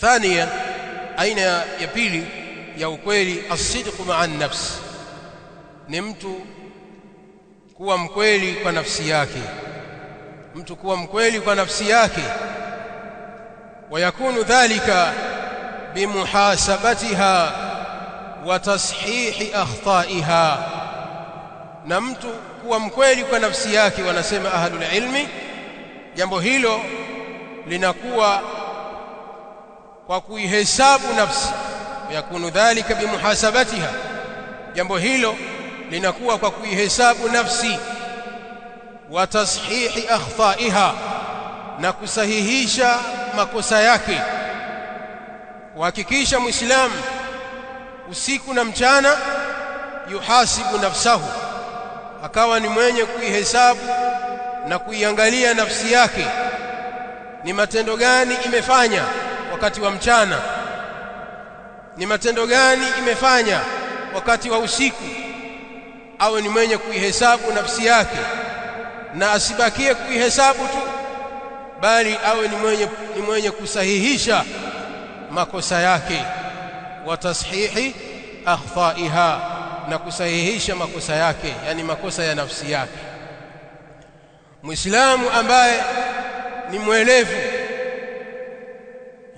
thania aina ya pili ya ukweli asidqu maa nafsi ni mtu kuwa mkweli kwa nafsi yake mtu kuwa mkweli kwa nafsi yake dhalika bimuhasabatiha wa tashihi akhtaiha na mtu kuwa mkweli kwa nafsi yake wanasema ahlul ilmi jambo hilo linakuwa kwa kuihesabu nafsi yakunu dhalika bimuhasabatiha jambo hilo linakuwa kwa kuihesabu nafsi wa tashihi akhtaiha na kusahihisha makosa yake kuhakikisha muislamu usiku na mchana yuhasibu nafsahu akawa ni mwenye kuihesabu na kuiangalia nafsi yake ni matendo gani imefanya wakati wa mchana ni matendo gani imefanya wakati wa usiku awe ni mwenye kuihesabu nafsi yake na asibakie kuihesabu tu bali awe ni mwenye, ni mwenye kusahihisha makosa yake wa tashihi akhfaiha na kusahihisha makosa yake yani makosa ya nafsi yake muislamu ambaye ni mwelevu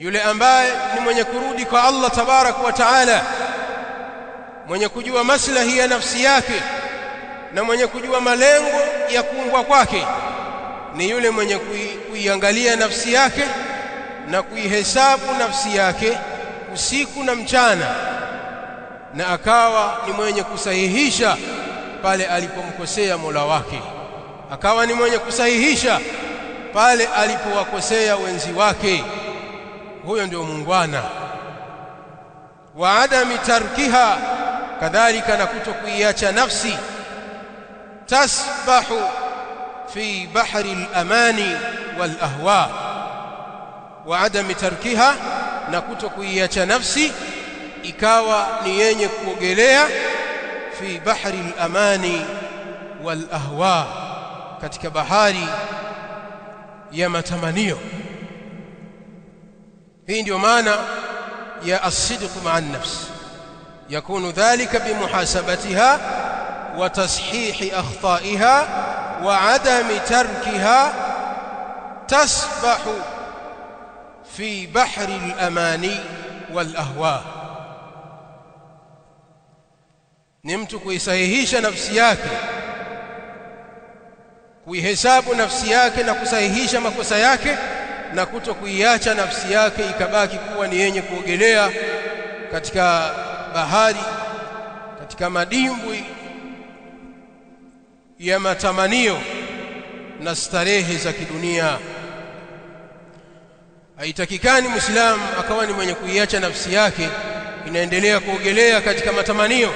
yule ambaye ni mwenye kurudi kwa Allah tabarak wa taala mwenye kujua maslahi ya nafsi yake na mwenye kujua malengo ya kuungwa kwake ni yule mwenye kuiangalia nafsi yake na kuihesabu nafsi yake usiku na mchana na akawa ni mwenye kusahihisha pale alipomkosea Mola wake akawa ni mwenye kusahihisha pale alipowakosea wenzi wake huyo ndio muungwana wa adami tarkiha kadhalika na kutokuiacha nafsi tasbahu fi bahri al-amani wal-ahwa wa adami tarkiha na kutokuiacha nafsi ikawa ni yenye kuogelea fi bahri al-amani wal-ahwa katika bahari ya matamanio hii ndio maana ya as-sidq ma'a an-nafs yakunu dhalika bimuhasabatiha wa tashihi akhtaiha wa adami tarkiha tasbahu fi bahri al-amani wal ahwa ni mtu kuisahihisha nafsi yake kuihesabu nafsi yake na kusahihisha makosa yake na kuto kuiacha nafsi yake ikabaki kuwa ni yenye kuogelea katika bahari katika madimbwi ya matamanio na starehe za kidunia. Haitakikani Muislamu akawa ni mwenye kuiacha nafsi yake inaendelea kuogelea katika matamanio,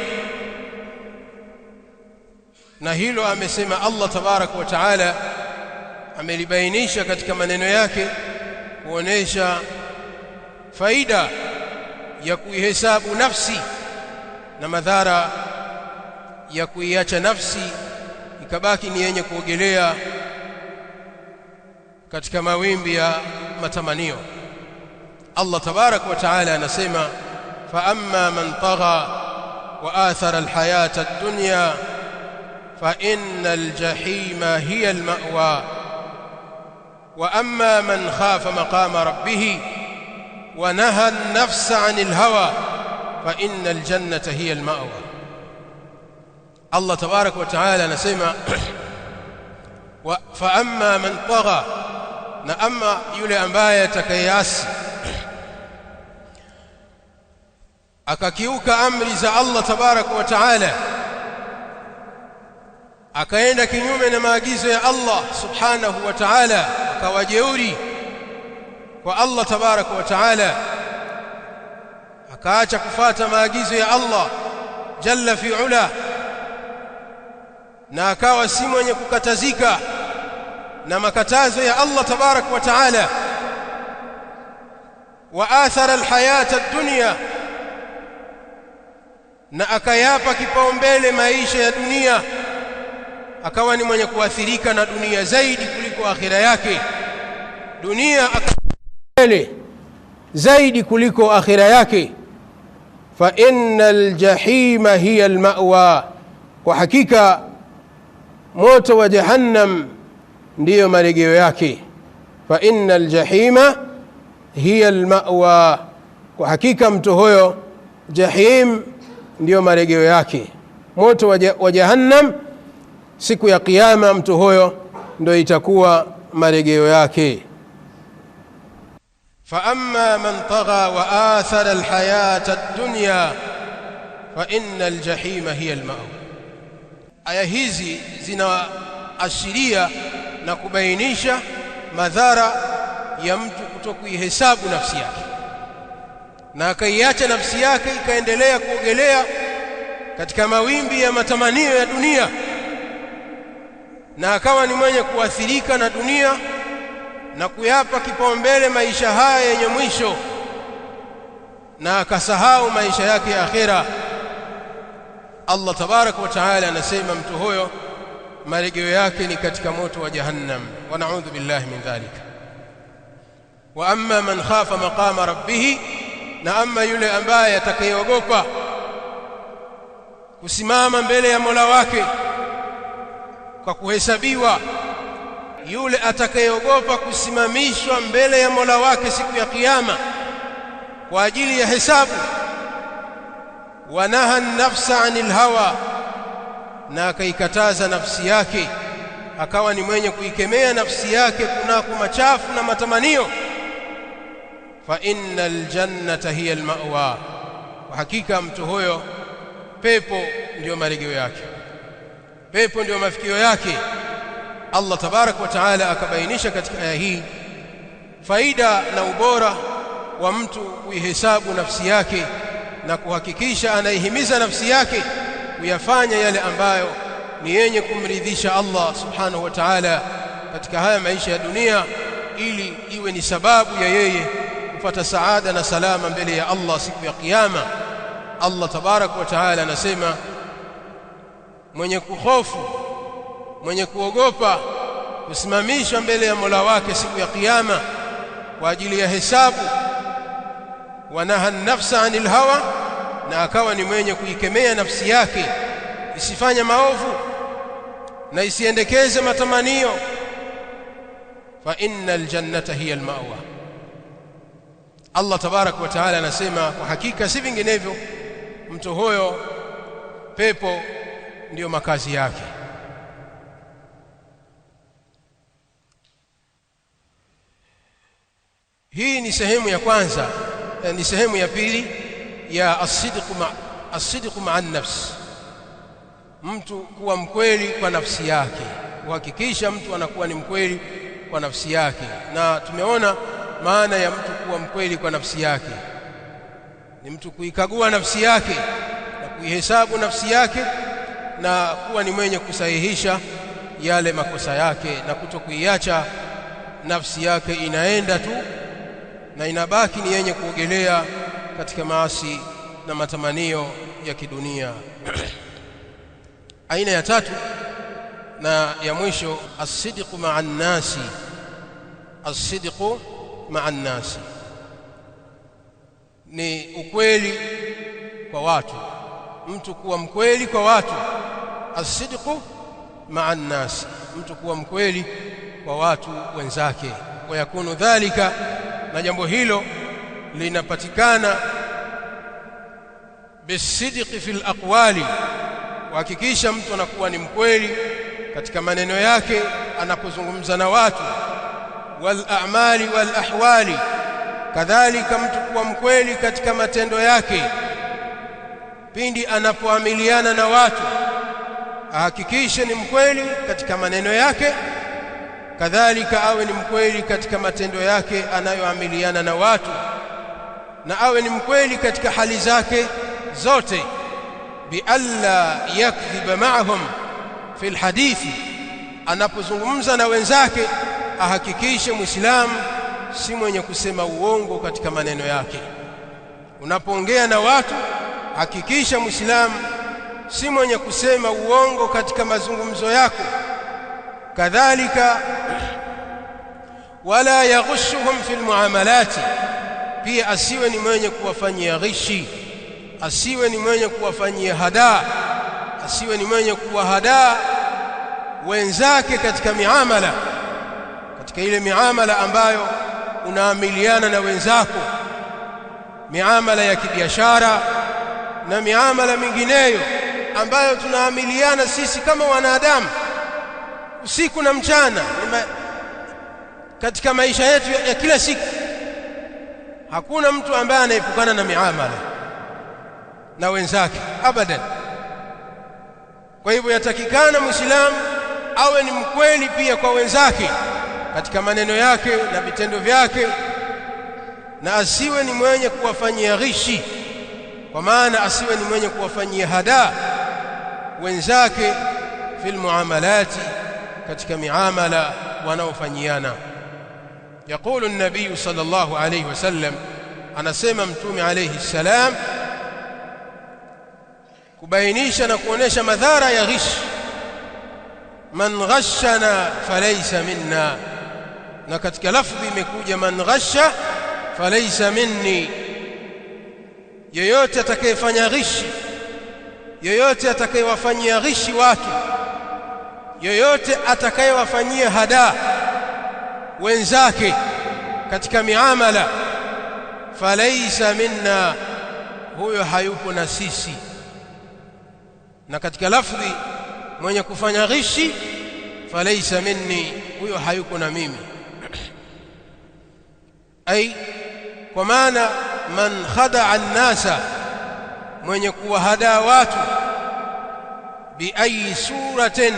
na hilo amesema Allah tabaraka wa taala amelibainisha katika maneno yake kuonesha faida ya kuihesabu nafsi na madhara ya kuiacha nafsi ikabaki ni yenye kuogelea katika mawimbi ya matamanio Allah tabarak wa taala anasema fa amma man tagha wa athara alhayata ad-dunya fa innal jahima hiya al-ma'wa واما من خاف مقام ربه ونهى النفس عن الهوى فان الجنه هي الماوى الله تبارك وتعالى نسيما فاما من طغى ناما يلي امباي كياس akakiuka أمر za الله تبارك وتعالى أكاينك kinyume ما maagizo ya Allah subhanahu wa akawajeuri kwa Allah tabarak wa taala akaacha kufuata maagizo ya Allah jalla fi ula na akawa si mwenye kukatazika na makatazo ya Allah tabarak wa taala waathara alhayata ad-dunya na akayapa kipaumbele maisha ya dunia akawa ni mwenye kuathirika na dunia zaidi kuliko akhira yake dunia akale zaidi kuliko akhira yake fa innal jahima hiya almawa kwa hakika moto wa jahannam ndiyo marejeo yake fa innal jahima hiya almawa kwa hakika mtu huyo jahim ndiyo marejeo yake moto wa jahannam siku ya Kiyama mtu huyo ndo itakuwa marejeo yake. fa amma man tagha wa athara alhayata ad-dunya fa inna aljahima hiya alma'wa. Aya hizi zinaashiria na kubainisha madhara ya mtu kutokuihesabu nafsi yake na akaiacha nafsi yake ikaendelea kuogelea katika mawimbi ya matamanio ya dunia na akawa ni mwenye kuathirika na dunia na kuyapa kipaumbele maisha haya yenye mwisho na akasahau maisha yake ya akhera. Allah tabaraka wa taala anasema mtu huyo marejeo yake ni katika moto wa Jahannam, wa naudhu billahi min dhalik. Wa amma man khafa maqama rabbih, na amma yule ambaye atakayeogopa kusimama mbele ya mola wake kwa kuhesabiwa. Yule atakayeogopa kusimamishwa mbele ya Mola wake siku ya Kiyama kwa ajili ya hesabu. Wanaha nafsa anil hawa, na akaikataza nafsi yake, akawa ni mwenye kuikemea nafsi yake kunako machafu na matamanio. Fa innal jannata hiya almawa, kwa hakika mtu huyo pepo ndiyo marejeo yake pepo ndio mafikio yake Allah tabarak wa taala akabainisha katika aya hii faida na ubora wa mtu kuihesabu nafsi yake na kuhakikisha anaihimiza nafsi yake kuyafanya yale ambayo ni yenye kumridhisha Allah subhanahu wa ta'ala katika haya maisha ya dunia ili iwe ni sababu ya yeye kupata saada na salama mbele ya Allah siku ya kiyama Allah tabarak wa ta'ala anasema mwenye kuhofu mwenye kuogopa kusimamishwa mbele ya Mola wake siku ya kiyama kwa ajili ya hesabu wanaha nafsa anil hawa na akawa ni mwenye kuikemea nafsi yake isifanye maovu na isiendekeze matamanio fa innal jannata hiya almawa Allah tabarak wa taala anasema kwa hakika si vinginevyo mtu huyo pepo ndiyo makazi yake. Hii ni sehemu ya kwanza, eh, ni sehemu ya pili ya asidiku ma asidqu maa nafsi, mtu kuwa mkweli kwa nafsi yake, kuhakikisha mtu anakuwa ni mkweli kwa nafsi yake. Na tumeona maana ya mtu kuwa mkweli kwa nafsi yake ni mtu kuikagua nafsi yake na kuihesabu nafsi yake na kuwa ni mwenye kusahihisha yale makosa yake na kutokuiacha nafsi yake inaenda tu na inabaki ni yenye kuogelea katika maasi na matamanio ya kidunia. Aina ya tatu na ya mwisho, as-sidqu ma'a nasi as ma'a nasi ni ukweli kwa watu, mtu kuwa mkweli kwa watu asidqu maa an-nas mtu kuwa mkweli kwa watu wenzake. yakunu dhalika, na jambo hilo linapatikana bisidqi fil aqwali, kuhakikisha mtu anakuwa ni mkweli katika maneno yake anapozungumza na watu, wal a'mali wal ahwali, kadhalika mtu kuwa mkweli katika matendo yake pindi anapoamiliana na watu ahakikishe ni mkweli katika maneno yake kadhalika awe ni mkweli katika matendo yake anayoamiliana na watu na awe ni mkweli katika hali zake zote bi alla yakdhiba ma'ahum fi alhadithi anapozungumza na wenzake ahakikishe muislamu si mwenye kusema uongo katika maneno yake unapoongea na watu hakikisha muislamu si mwenye kusema uongo katika mazungumzo yako kadhalika wala yaghushuhum fil muamalati pia asiwe ni mwenye kuwafanyia ghishi asiwe ni mwenye kuwafanyia hadaa asiwe ni mwenye kuwahadaa wenzake katika miamala katika ile miamala ambayo unaamiliana na wenzako miamala ya kibiashara na miamala mingineyo ambayo tunaamiliana sisi kama wanadamu usiku na mchana katika maisha yetu ya kila siku hakuna mtu ambaye anaepukana na miamala na wenzake abadan kwa hivyo yatakikana muislamu awe ni mkweli pia kwa wenzake katika maneno yake na vitendo vyake na asiwe ni mwenye kuwafanyia ghishi kwa maana asiwe ni mwenye kuwafanyia hadaa wenzake fil muamalati katika miamala wanaofanyiana yakulu nabii sallallahu alayhi wasallam anasema mtume alayhi salam kubainisha na kuonesha madhara ya ghish man ghashana falaysa minna na katika lafzi imekuja man ghasha falaysa minni yeyote atakayefanya ghishi yoyote atakayewafanyia ghishi wake yoyote atakayewafanyia hada wenzake katika miamala falaisa minna huyo hayupo na sisi na katika lafzi mwenye kufanya ghishi falaisa minni huyo hayuko na mimi ai kwa maana man khadaa an-nasa mwenye kuwahadaa watu bi ayi suratin,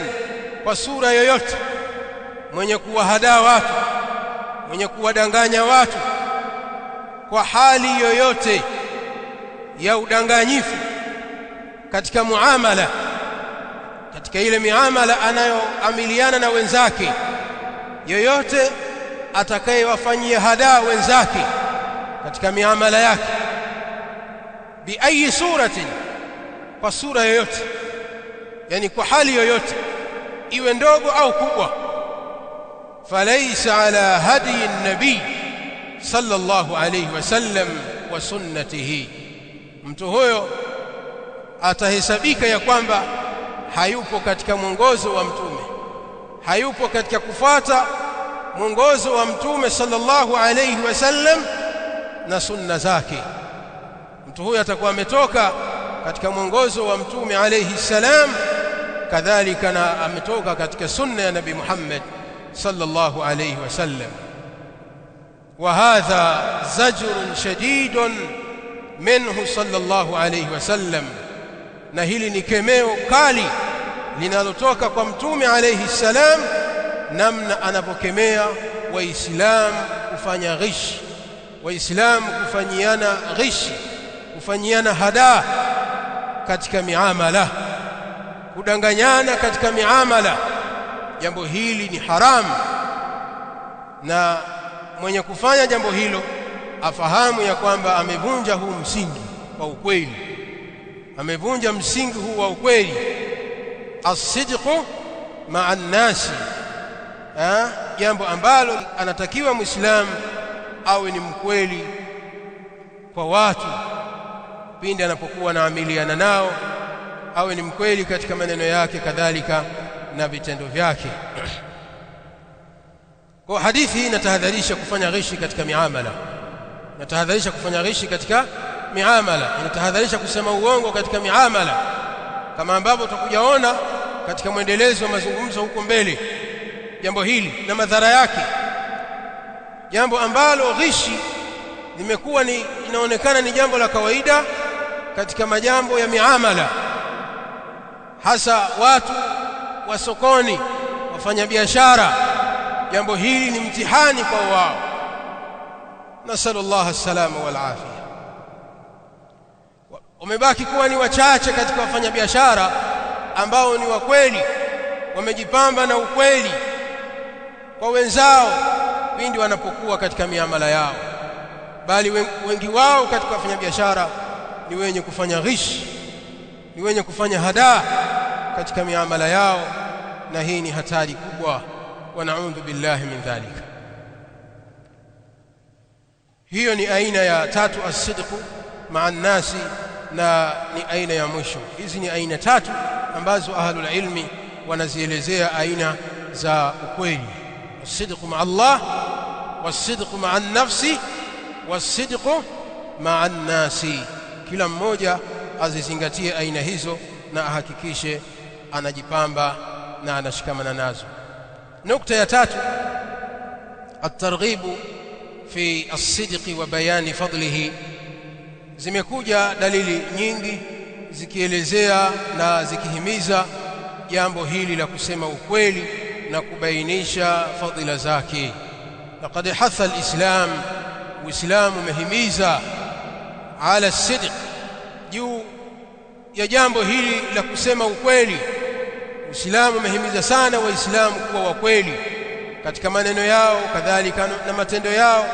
kwa sura yoyote, mwenye kuwahadaa watu, mwenye kuwadanganya watu kwa hali yoyote ya udanganyifu katika muamala, katika ile miamala anayoamiliana na wenzake, yoyote atakayewafanyia hadaa wenzake katika miamala yake biayi suratin kwa sura yoyote yani kwa hali yoyote iwe ndogo au kubwa falaysa ala hadi an-nabi sallallahu alayhi wasallam wa sunnatihi mtu huyo atahesabika ya kwamba hayupo katika mwongozo wa mtume hayupo katika kufata mwongozo wa mtume sallallahu alayhi wasallam na sunna zake mtu huyo atakuwa ametoka katika mwongozo wa mtume alayhi salam kadhalika na ametoka katika sunna ya nabii Muhammad sallallahu alayhi wasallam وهذا زجر شديد منه minhu sallallahu alayhi wasallam na hili ni kemeo kali linalotoka kwa mtume alayhi salam namna anapokemea waislam kufanya ghish waislam kufanyiana ghishi kufanyiana hada katika miamala kudanganyana katika miamala jambo hili ni haramu na mwenye kufanya jambo hilo afahamu ya kwamba amevunja huu msingi wa ukweli amevunja msingi huu wa ukweli asidqu ma'a nasi jambo ambalo anatakiwa muislamu awe ni mkweli kwa watu pindi anapokuwa naamiliana nao awe ni mkweli katika maneno yake kadhalika na vitendo vyake kwa hadithi hii inatahadharisha kufanya ghishi katika miamala inatahadharisha kufanya ghishi katika miamala inatahadharisha kusema uongo katika miamala kama ambavyo tutakujaona katika mwendelezo wa mazungumzo huko mbele jambo hili na madhara yake jambo ambalo ghishi limekuwa ni inaonekana ni jambo la kawaida katika majambo ya miamala, hasa watu wa sokoni, wafanyabiashara. Jambo hili ni mtihani kwa wao. Nasallallahu salama wal afia. Wamebaki kuwa ni wachache katika wafanyabiashara ambao ni wakweli, wamejipamba na ukweli kwa wenzao pindi wanapokuwa katika miamala yao, bali wengi wao katika wafanyabiashara ni wenye kufanya ghish ni wenye kufanya hada katika miamala yao na hii ni hatari kubwa wa naudhu billahi min dhalika hiyo ni aina ya tatu as-sidqu ma'a nasi na ni aina ya mwisho hizi ni aina tatu ambazo ahlul ilmi wanazielezea aina za ukweli as-sidqu ma'a Allah was-sidqu ma'a nafsi was-sidqu ma'a nasi kila mmoja azizingatie aina hizo na ahakikishe anajipamba na anashikamana nazo nukta ya tatu at-targhibu fi as-sidqi wa bayani fadlihi zimekuja dalili nyingi zikielezea na zikihimiza jambo hili la kusema ukweli na kubainisha fadhila zake laqad hatha al-islam uislamu umehimiza ala sidq juu ya jambo hili la kusema ukweli Uislamu umehimiza sana waislamu kuwa wa kweli katika maneno yao kadhalika na matendo yao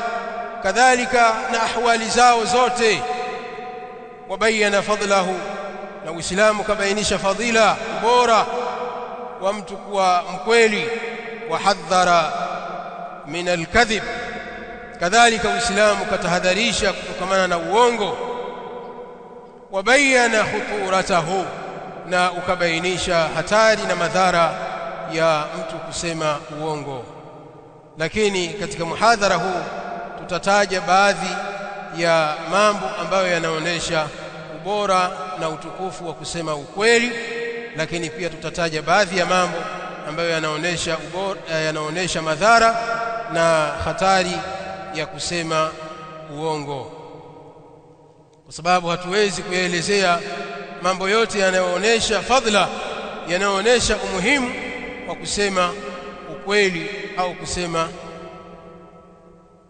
kadhalika na ahwali zao zote wabayana fadlahu na Uislamu kabainisha fadila bora wa mtu kuwa mkweli wa hadhara min alkadhib kadhalika uislamu katahadharisha kutokamana na uongo wabayana khuturatahu na ukabainisha hatari na madhara ya mtu kusema uongo lakini katika muhadhara huu tutataja baadhi ya mambo ambayo yanaonesha ubora na utukufu wa kusema ukweli lakini pia tutataja baadhi ya mambo ambayo yanaonesha ubora yanaonesha madhara na hatari ya kusema uongo kwa sababu hatuwezi kuelezea mambo yote yanayoonesha fadhila yanayoonesha umuhimu wa kusema ukweli au kusema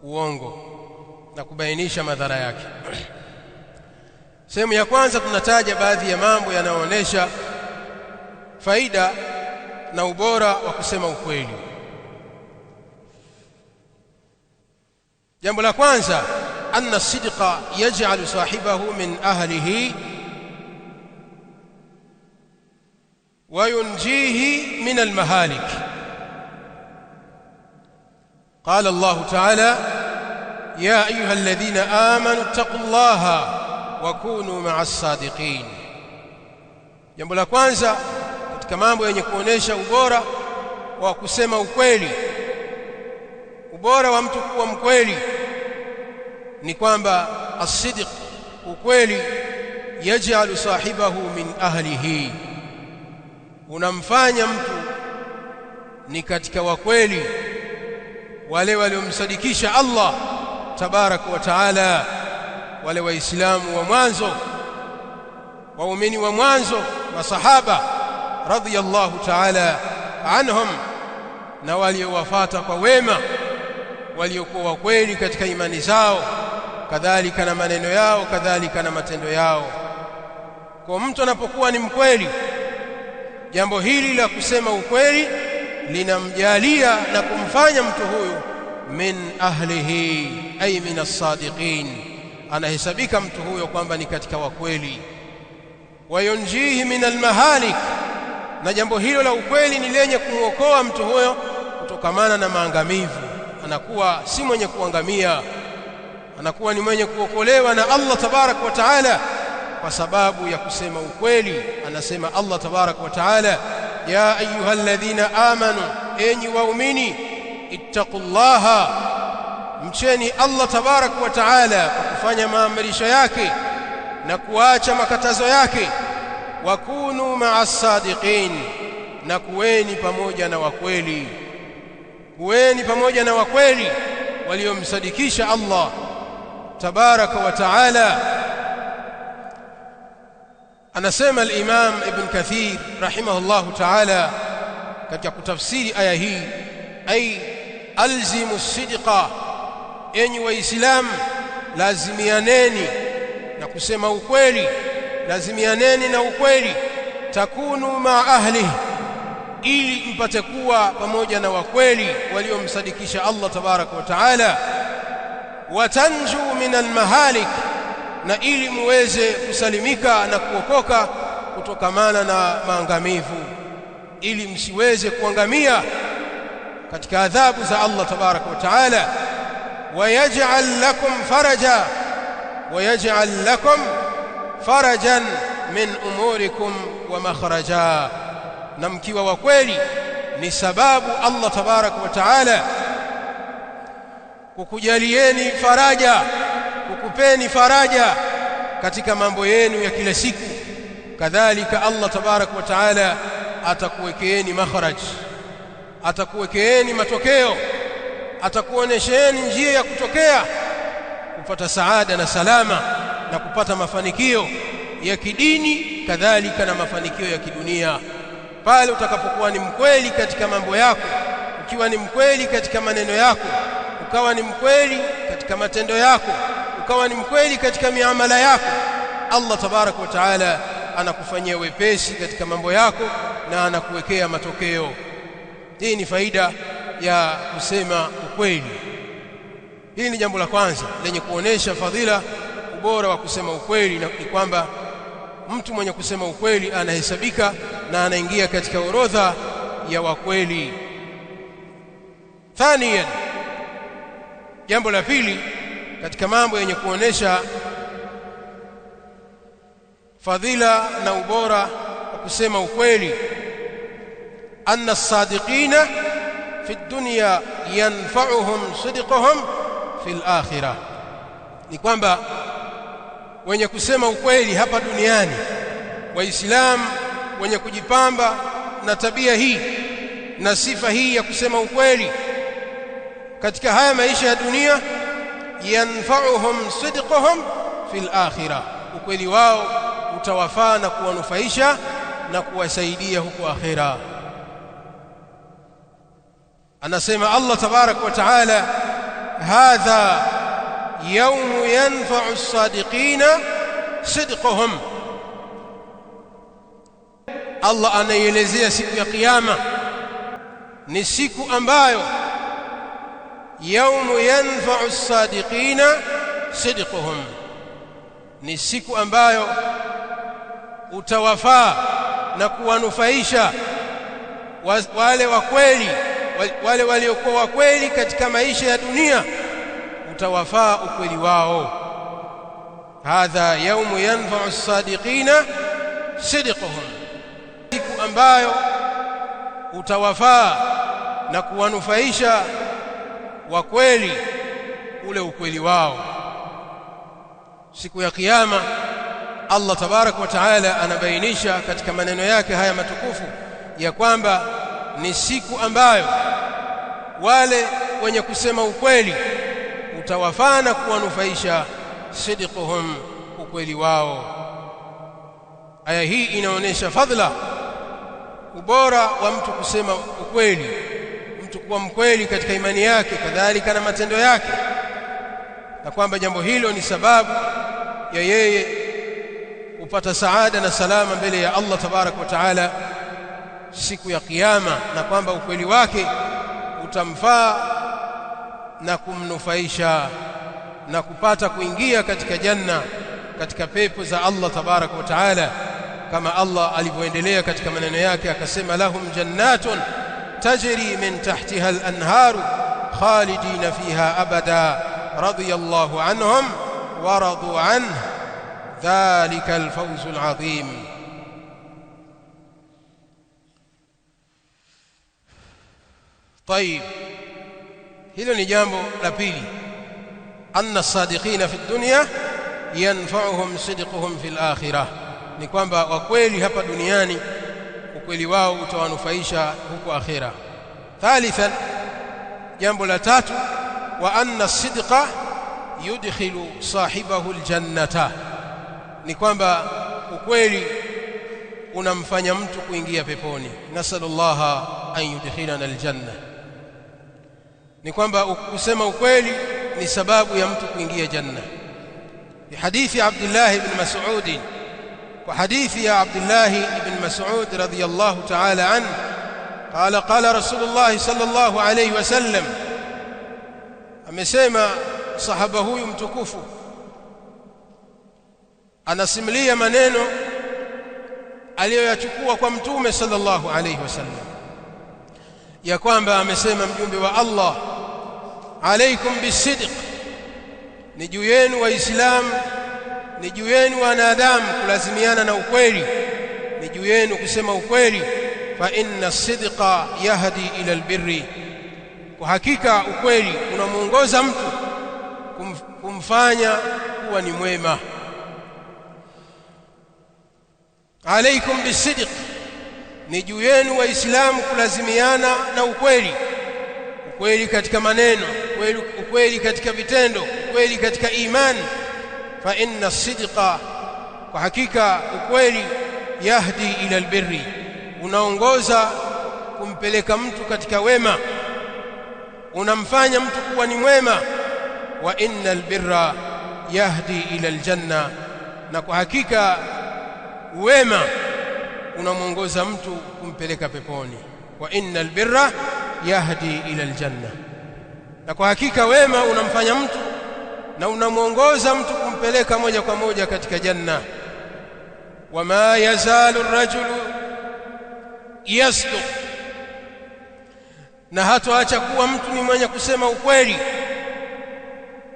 uongo na kubainisha madhara yake sehemu ya kwanza tunataja baadhi ya mambo yanayoonesha faida na ubora wa kusema ukweli jambo la kwanza anna sidqa yaj'alu sahibahu min ahlihi وينجيه من المهالك قال الله تعالى يا ايها الذين امنوا اتقوا الله وكونوا مع الصادقين jambo la kwanza katika mambo yenye kuonesha ubora wa kusema ukweli ubora wa mtu kuwa mkweli ni kwamba asidiq ukweli yajalu sahibahu min ahlihi unamfanya mtu ni katika wakweli wale waliomsadikisha Allah tabaraka wa taala wale waislamu wa mwanzo waumini wa mwanzo masahaba radhiyallahu taala anhum na waliowafata kwa wema waliokuwa wakweli katika imani zao kadhalika na maneno yao, kadhalika na matendo yao. Kwa mtu anapokuwa ni mkweli, jambo hili la kusema ukweli linamjalia na kumfanya mtu huyu min ahlihi ay min as-sadiqin, anahesabika mtu huyo kwamba ni katika wakweli. Wayunjihi min almahalik, na jambo hilo la ukweli ni lenye kumwokoa mtu huyo kutokamana na maangamivu, anakuwa si mwenye kuangamia anakuwa ni mwenye kuokolewa na Allah tabarak wa taala kwa sababu ya kusema ukweli anasema Allah tabarak wa taala ya ayyuhalladhina amanu enyi waumini ittaqullaha mcheni Allah tabarak wa taala kwa kufanya maamrisho yake na kuacha makatazo yake wakunu ma'as sadiqin na kuweni pamoja na wakweli kuweni pamoja na wakweli waliomsadikisha Allah تبارك وتعالى أنا سيما الإمام ابن كثير رحمه الله تعالى كتك كتفسير آيه أي ألزم الصدق أني وإسلام لازم يانيني نكسيما أكويري لازم يانيني نأكويري takunu ma مع اهله mpate kuwa pamoja na wakweli waliomsadikisha Allah tabarak wa taala watanju min almahalik na ili muweze kusalimika na kuokoka kutokamana na maangamivu ili msiweze kuangamia katika adhabu za Allah tabaraka wa taala wayaj'al lakum faraja wayaj'al lakum farajan min umurikum wa makhraja na mkiwa wa kweli ni sababu Allah tabaraka wa taala kukujalieni faraja, kukupeni faraja katika mambo yenu ya kila siku. Kadhalika Allah tabaraka wa taala atakuwekeeni makhraj, atakuwekeeni matokeo, atakuonesheni njia ya kutokea kupata saada na salama na kupata mafanikio ya kidini, kadhalika na mafanikio ya kidunia, pale utakapokuwa ni mkweli katika mambo yako, ukiwa ni mkweli katika maneno yako ukawa ni mkweli katika matendo yako ukawa ni mkweli katika miamala yako Allah tabarak wa taala anakufanyia wepesi katika mambo yako na anakuwekea matokeo hii ni faida ya kusema ukweli hili ni jambo la kwanza lenye kuonesha fadhila ubora wa kusema ukweli na ni kwamba mtu mwenye kusema ukweli anahesabika na anaingia katika orodha ya wakweli thaniyan jambo la pili katika mambo yenye kuonesha fadhila na ubora wa kusema ukweli anna sadiqina fi dunya yanfa'uhum sidquhum fil akhirah ni kwamba wenye kusema ukweli hapa duniani waislam wenye kujipamba na tabia hii na sifa hii ya kusema ukweli katika haya maisha ya dunia yanfa'uhum sidquhum fil akhirah ukweli wao utawafaa na kuwanufaisha na kuwasaidia huko akhira anasema Allah tabarak wa taala hadha يوم ينفع sadiqin صدقهم Allah anaelezea siku ya kiyama ni siku ambayo yaumu ينفع الصادقين صدقهم ni siku ambayo utawafaa na kuwanufaisha wale wa kweli wale waliokuwa wa kweli katika maisha ya dunia utawafaa ukweli wao hadha yaumu yanfa'u الصادقين صدقهم siku ambayo utawafaa na kuwanufaisha wa kweli ule ukweli wao siku ya kiyama Allah tبارك وتعالى anabainisha katika maneno yake haya matukufu ya kwamba ni siku ambayo wale wenye kusema ukweli utawafana kuwanufaisha sidquhum ukweli wao aya hii inaonesha fadhila ubora wa mtu kusema ukweli kuwa mkweli katika imani yake kadhalika na matendo yake na kwamba jambo hilo ni sababu ya yeye kupata saada na salama mbele ya Allah tabarak wa taala siku ya kiyama na kwamba ukweli wake utamfaa na kumnufaisha na kupata kuingia katika janna katika pepo za Allah tabarak wa taala kama Allah alivyoendelea katika maneno yake akasema lahum jannatun تجري من تحتها الأنهار خالدين فيها أبدا رضي الله عنهم ورضوا عنه ذلك الفوز العظيم طيب هلو نجامو لبيلي أن الصادقين في الدنيا ينفعهم صدقهم في الآخرة نكوانبا وكويري هبا دنياني ukweli wao utawanufaisha huko akhera thalithan jambo la tatu wa anna sidqa yudkhilu sahibahu aljannata ni kwamba ukweli unamfanya mtu kuingia peponi nasallallaha an yudkhilana aljanna ni kwamba kusema ukweli ni sababu ya mtu kuingia janna hadithi Abdullah ibn Mas'ud وحديث يا عبد الله بن مسعود رضي الله تعالى عنه قال قال رسول الله sallallahu alaihi wasallam amesema sahaba huyu mtukufu anasimulia maneno aliyoyachukua kwa mtume sallallahu alaihi wasallam ya kwamba amesema mjumbe wa Allah alaikum bisidq ni juu yenu waislamu ni juu yenu wanadamu kulazimiana na ukweli, ni juu yenu kusema ukweli. Fa inna sidqa yahdi ila albirri, kwa hakika ukweli unamuongoza mtu kumfanya kuwa ni mwema. Alaikum bisidq, ni juu yenu Waislamu kulazimiana na ukweli, ukweli katika maneno, ukweli, ukweli katika vitendo, ukweli katika imani fa inna sidqa, kwa hakika ukweli, yahdi ila albirri, unaongoza kumpeleka mtu katika wema, unamfanya mtu kuwa ni mwema. Wa inna albirra yahdi ila aljanna, na kwa hakika wema unamwongoza mtu kumpeleka peponi. Wa inna albirra yahdi ila aljanna, na kwa hakika wema unamfanya mtu na unamwongoza mtu kumpeleka moja kwa moja katika janna wama yazalu rajulu yasduq na hatoacha kuwa mtu ni mwenye kusema ukweli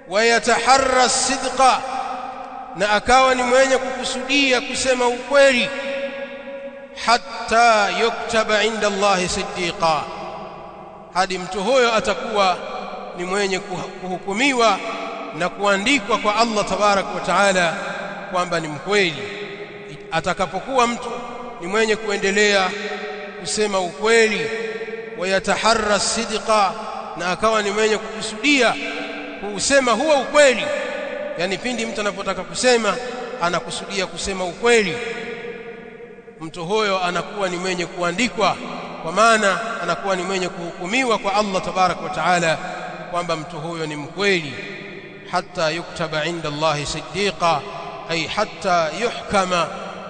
wayataharra sidqa na akawa ni mwenye kukusudia kusema ukweli hatta yuktaba inda Allah siddiqa hadi mtu huyo atakuwa ni mwenye kuhukumiwa na kuandikwa kwa Allah tabarak wa taala kwamba ni mkweli. Atakapokuwa mtu ni mwenye kuendelea kusema ukweli, wa yataharra sidqa, na akawa ni mwenye kukusudia kuusema huo ukweli, yani pindi mtu anapotaka kusema anakusudia kusema ukweli, mtu huyo anakuwa ni mwenye kuandikwa, kwa maana anakuwa ni mwenye kuhukumiwa kwa Allah tabarak wa taala kwamba mtu huyo ni mkweli. حتى يكتب عند الله صديقا أي حتى يحكم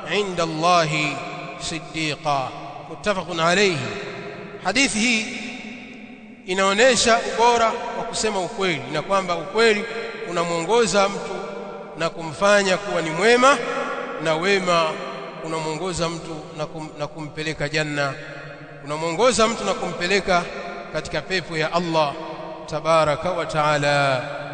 عند الله صديقا متفق عليه hadithi hii inaonyesha ubora wa kusema ukweli na kwamba ukweli unamwongoza mtu na kumfanya kuwa ni mwema na wema unamwongoza mtu na, kum, na kumpeleka janna unamwongoza mtu na kumpeleka katika pepo ya Allah tabaraka wa taala